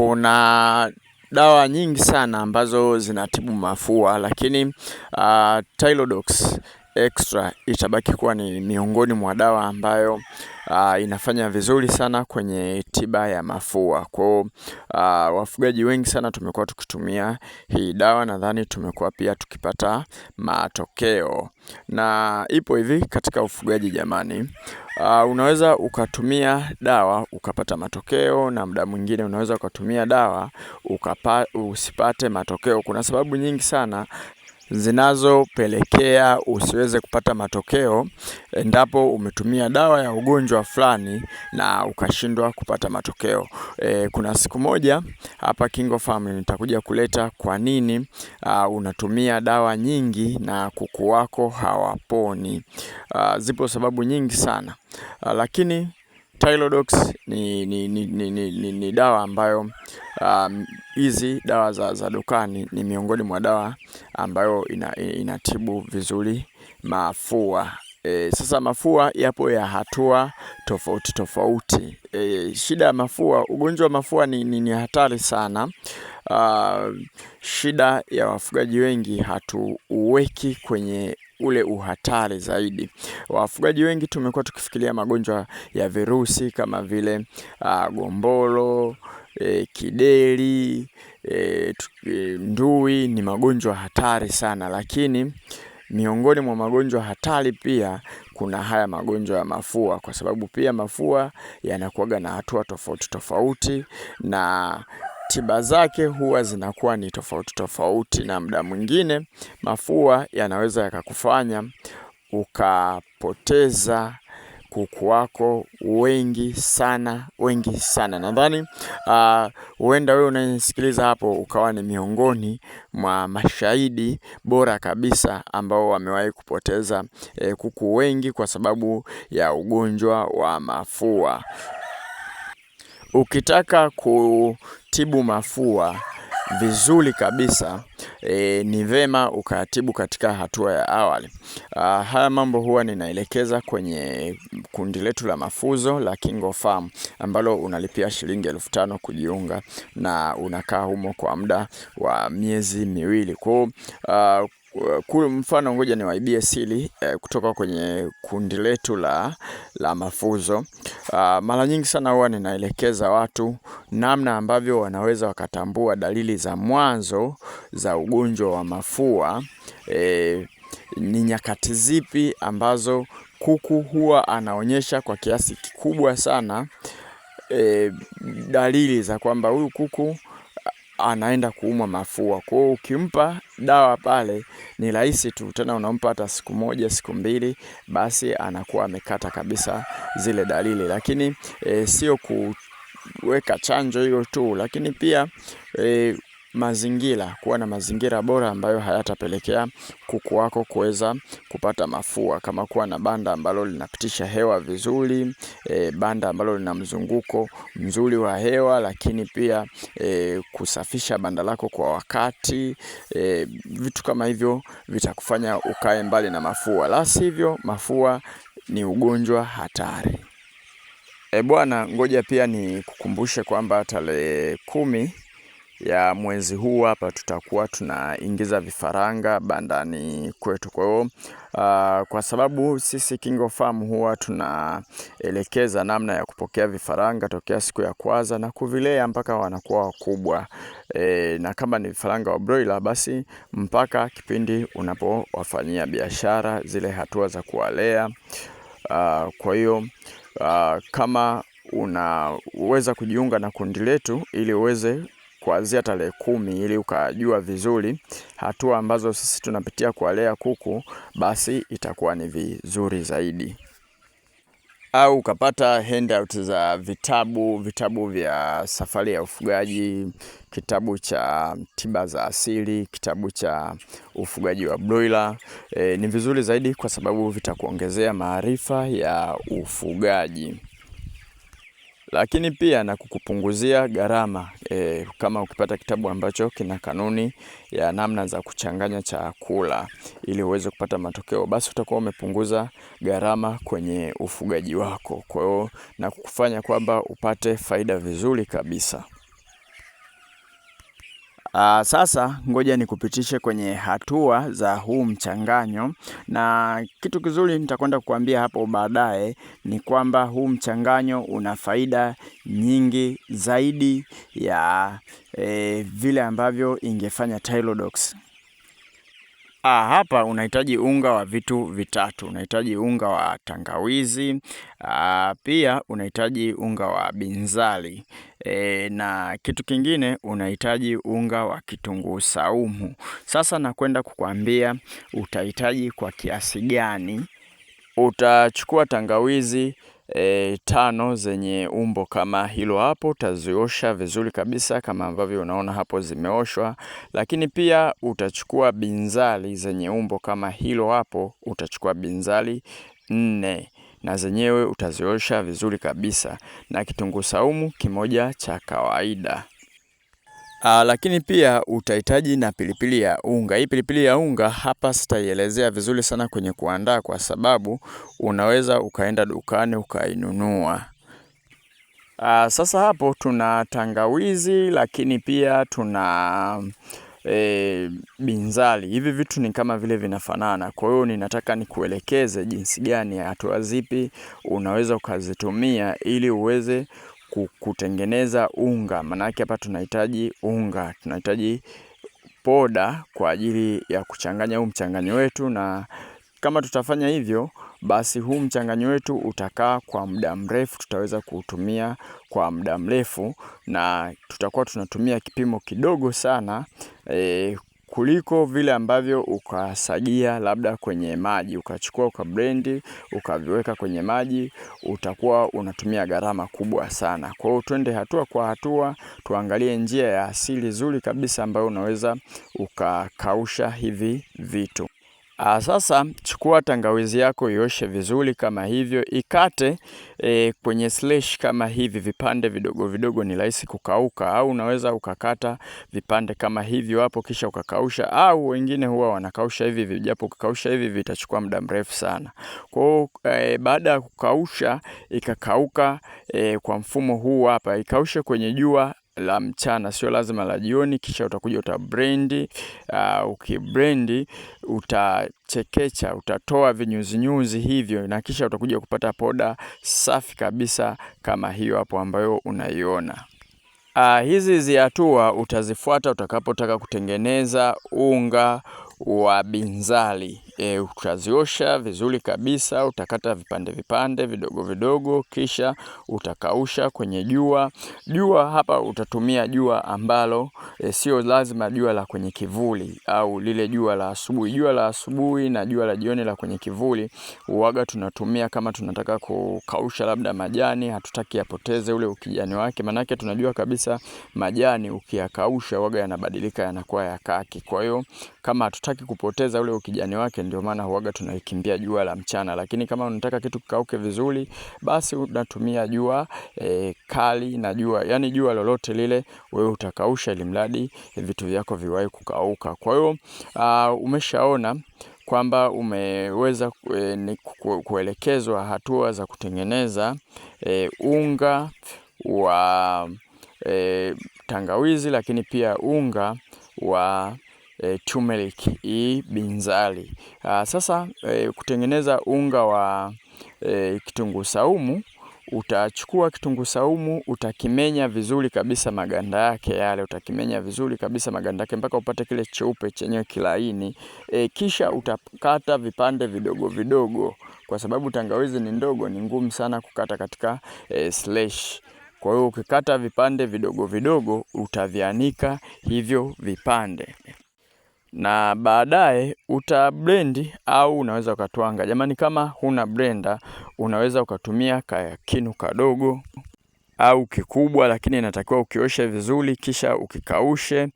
kuna dawa nyingi sana ambazo zinatibu mafua lakini uh, Tylodox Extra itabaki kuwa ni miongoni mwa dawa ambayo uh, inafanya vizuri sana kwenye tiba ya mafua. Kwa hiyo uh, ah, wafugaji wengi sana tumekuwa tukitumia hii dawa, nadhani tumekuwa pia tukipata matokeo, na ipo hivi katika ufugaji jamani. Uh, unaweza ukatumia dawa ukapata matokeo, na muda mwingine unaweza ukatumia dawa ukapa, usipate matokeo. Kuna sababu nyingi sana zinazopelekea usiweze kupata matokeo endapo umetumia dawa ya ugonjwa fulani na ukashindwa kupata matokeo. E, kuna siku moja hapa KingoFarm nitakuja kuleta kwa nini uh, unatumia dawa nyingi na kuku wako hawaponi. Uh, zipo sababu nyingi sana uh, lakini Tylodox ni, ni, ni, ni, ni, ni dawa ambayo um, hizi um, dawa za, za dukani ni miongoni mwa dawa ambayo ina, inatibu vizuri mafua. E, sasa mafua yapo ya hatua tofauti tofauti. E, shida ya mafua, ugonjwa wa mafua ni, ni, ni hatari sana. Uh, shida ya wafugaji wengi hatuweki kwenye ule uhatari zaidi. Wafugaji wengi tumekuwa tukifikiria magonjwa ya virusi kama vile uh, ah, gomboro E, kideri e, e, ndui ni magonjwa hatari sana, lakini miongoni mwa magonjwa hatari pia kuna haya magonjwa ya mafua, kwa sababu pia mafua yanakuwaga na hatua tofauti tofauti na tiba zake huwa zinakuwa ni tofauti tofauti, na muda mwingine mafua yanaweza yakakufanya ukapoteza kuku wako wengi sana wengi sana. Nadhani ah, huenda uh, wewe unanisikiliza hapo ukawa ni miongoni mwa mashahidi bora kabisa ambao wamewahi kupoteza eh, kuku wengi kwa sababu ya ugonjwa wa mafua. Ukitaka ku tibu mafua vizuri kabisa e, ni vema ukatibu katika hatua ya awali. Uh, haya mambo huwa ninaelekeza kwenye kundi letu la mafuzo la Kingo Farm ambalo unalipia shilingi elfu tano kujiunga na unakaa humo kwa muda wa miezi miwili. Kwa kwa mfano ngoja niwaibie siri eh, kutoka kwenye kundi letu la, la mafuzo Ah, mara nyingi sana huwa ninaelekeza watu namna ambavyo wanaweza wakatambua dalili za mwanzo za ugonjwa wa mafua eh, ni nyakati zipi ambazo kuku huwa anaonyesha kwa kiasi kikubwa sana eh, dalili za kwamba huyu kuku anaenda kuumwa mafua. Kwa hiyo ukimpa dawa pale ni rahisi tu, tena unampa hata siku moja siku mbili, basi anakuwa amekata kabisa zile dalili. Lakini e, sio kuweka chanjo hiyo tu, lakini pia e, mazingira, kuwa na mazingira bora ambayo hayatapelekea kuku wako kuweza kupata mafua, kama kuwa na banda ambalo linapitisha hewa vizuri e, banda ambalo lina mzunguko mzuri wa hewa, lakini pia e, kusafisha banda lako kwa wakati e, vitu kama hivyo vitakufanya ukae mbali na mafua, la sivyo mafua ni ugonjwa hatari. E bwana, ngoja pia ni kukumbushe kwamba tarehe kumi ya mwezi huu hapa tutakuwa tunaingiza vifaranga bandani kwetu. Kwa hiyo uh, kwa sababu sisi Kingo Farm huwa tunaelekeza namna ya kupokea vifaranga tokea siku ya kwanza na kuvilea mpaka wanakuwa wakubwa. E, na kama ni vifaranga wa broiler basi mpaka kipindi unapowafanyia biashara zile hatua za kuwalea. Uh, kwa hiyo uh, kama unaweza kujiunga na kundi letu ili uweze kuanzia tarehe kumi ili ukajua vizuri hatua ambazo sisi tunapitia kuwalea kuku, basi itakuwa ni vizuri zaidi au ukapata handout za vitabu vitabu vya safari ya ufugaji, kitabu cha tiba za asili, kitabu cha ufugaji wa broiler. E, ni vizuri zaidi kwa sababu vitakuongezea maarifa ya ufugaji lakini pia na kukupunguzia gharama e, kama ukipata kitabu ambacho kina kanuni ya namna za kuchanganya chakula ili uweze kupata matokeo, basi utakuwa umepunguza gharama kwenye ufugaji wako, kwa hiyo na kukufanya kwamba upate faida vizuri kabisa. Uh, sasa ngoja nikupitishe kwenye hatua za huu mchanganyo, na kitu kizuri nitakwenda kukuambia hapo baadaye ni kwamba huu mchanganyo una faida nyingi zaidi ya e, vile ambavyo ingefanya Tylodox. Ah, hapa unahitaji unga wa vitu vitatu. Unahitaji unga wa tangawizi, ah, pia unahitaji unga wa binzali e, na kitu kingine unahitaji unga wa kitunguu saumu. Sasa nakwenda kukwambia utahitaji kwa kiasi gani. Utachukua tangawizi E, tano zenye umbo kama hilo hapo, utaziosha vizuri kabisa kama ambavyo unaona hapo zimeoshwa, lakini pia utachukua binzali zenye umbo kama hilo hapo, utachukua binzali nne na zenyewe utaziosha vizuri kabisa na kitunguu saumu kimoja cha kawaida. Aa, ah, lakini pia utahitaji na pilipili ya unga. Hii pilipili ya unga hapa sitaielezea vizuri sana kwenye kuandaa, kwa sababu unaweza ukaenda dukani ukainunua. Aa, ah, sasa hapo tuna tangawizi, lakini pia tuna e, binzali. Hivi vitu ni kama vile vinafanana. Kwa hiyo ninataka nikuelekeze jinsi gani, hatua zipi unaweza ukazitumia ili uweze kutengeneza unga. Maanake hapa tunahitaji unga, tunahitaji poda kwa ajili ya kuchanganya huu mchanganyo wetu, na kama tutafanya hivyo basi huu mchanganyo wetu utakaa kwa muda mrefu, tutaweza kuutumia kwa muda mrefu na tutakuwa tunatumia kipimo kidogo sana e, kuliko vile ambavyo ukasagia labda kwenye maji ukachukua blend ukaviweka kwenye maji, utakuwa unatumia gharama kubwa sana. Kwa hiyo twende hatua kwa hatua, tuangalie njia ya asili nzuri kabisa ambayo unaweza ukakausha hivi vitu. Aa, ah, sasa chukua tangawizi yako ioshe vizuri kama hivyo, ikate e, kwenye slash kama hivi, vipande vidogo vidogo, ni rahisi kukauka, au unaweza ukakata vipande kama hivyo hapo kisha ukakausha, au wengine huwa wanakausha hivi vijapo, ukakausha hivi vitachukua muda mrefu sana. Kwa hiyo e, baada ya kukausha ikakauka e, kwa mfumo huu hapa, ikaushe kwenye jua la mchana, sio lazima la jioni. Kisha utakuja utabrendi. Uh, ukibrendi utachekecha, utatoa vinyuzinyuzi hivyo, na kisha utakuja kupata poda safi kabisa kama hiyo hapo ambayo unaiona. Uh, hizi hizi hatua utazifuata utakapotaka kutengeneza unga wa binzali e, utaziosha vizuri kabisa, utakata vipande vipande vidogo vidogo, kisha utakausha kwenye jua. Jua hapa utatumia jua ambalo e, sio lazima jua la kwenye kivuli au lile jua la asubuhi. Jua la asubuhi na jua la jioni la kwenye kivuli uwaga tunatumia kama tunataka kukausha labda majani, hatutaki yapoteze ule ukijani wake, manake tunajua kabisa majani ukiyakausha waga yanabadilika yanakuwa ya kaki, kwa hiyo kama hatutaki kupoteza ule ukijani wake, ndio maana huaga tunaikimbia jua la mchana. Lakini kama unataka kitu kikauke vizuri, basi unatumia jua e, kali na jua yani jua lolote lile, wewe utakausha ili mradi e, vitu vyako viwahi kukauka. Kwa hiyo uh, umeshaona kwamba umeweza e, kuelekezwa hatua za kutengeneza e, unga wa e, tangawizi, lakini pia unga wa e, turmeric i binzari. Aa, ah, sasa e, kutengeneza unga wa e, kitunguu saumu Utachukua kitunguu saumu utakimenya vizuri kabisa maganda yake yale, utakimenya vizuri kabisa maganda yake mpaka upate kile cheupe chenye kilaini e, kisha utakata vipande vidogo vidogo, kwa sababu tangawizi ni ndogo, ni ngumu sana kukata katika e, slash. Kwa hiyo ukikata vipande vidogo vidogo utavianika hivyo vipande na baadaye uta blend au unaweza ukatwanga. Jamani, kama huna blender unaweza ukatumia kinu kadogo au kikubwa, lakini inatakiwa ukioshe vizuri, kisha ukikaushe.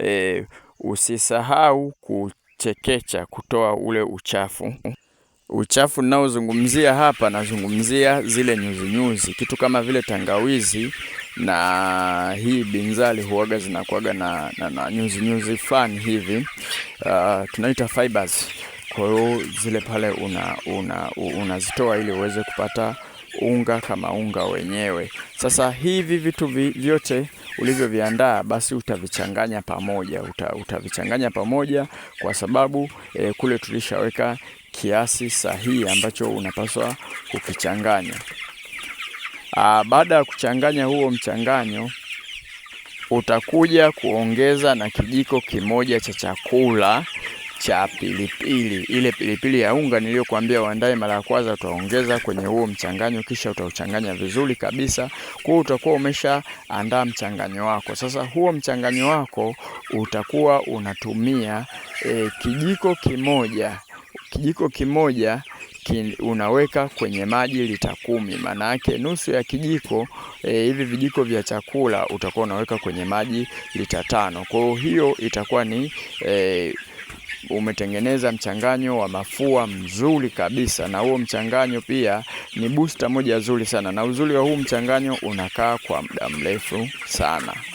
E, usisahau kuchekecha kutoa ule uchafu. Uchafu ninaozungumzia hapa, nazungumzia zile nyuzinyuzi, kitu kama vile tangawizi na hii binzali huaga zinakuaga na, na, na nyuzi nyuzi fulani hivi uh, tunaita fibers. Kwa hiyo zile pale unazitoa una, una ili uweze kupata unga kama unga wenyewe. Sasa hivi vitu vyote ulivyoviandaa basi utavichanganya pamoja uta, utavichanganya pamoja kwa sababu e, kule tulishaweka kiasi sahihi ambacho unapaswa kukichanganya. Aa, ah, baada ya kuchanganya huo mchanganyo utakuja kuongeza na kijiko kimoja cha chakula cha pilipili. Ile pilipili ya unga niliyokuambia uandae mara ya kwanza, utaongeza kwenye huo mchanganyo, kisha utauchanganya vizuri kabisa. Kwa hiyo utakuwa umeshaandaa mchanganyo wako. Sasa huo mchanganyo wako utakuwa unatumia e, kijiko kimoja kijiko kimoja unaweka kwenye maji lita kumi, maana yake nusu ya kijiko e, hivi vijiko vya chakula utakuwa unaweka kwenye maji lita tano. Kwa hiyo itakuwa ni e, umetengeneza mchanganyo wa mafua mzuri kabisa, na huo mchanganyo pia ni booster moja nzuri sana, na uzuri wa huu mchanganyo unakaa kwa muda mrefu sana.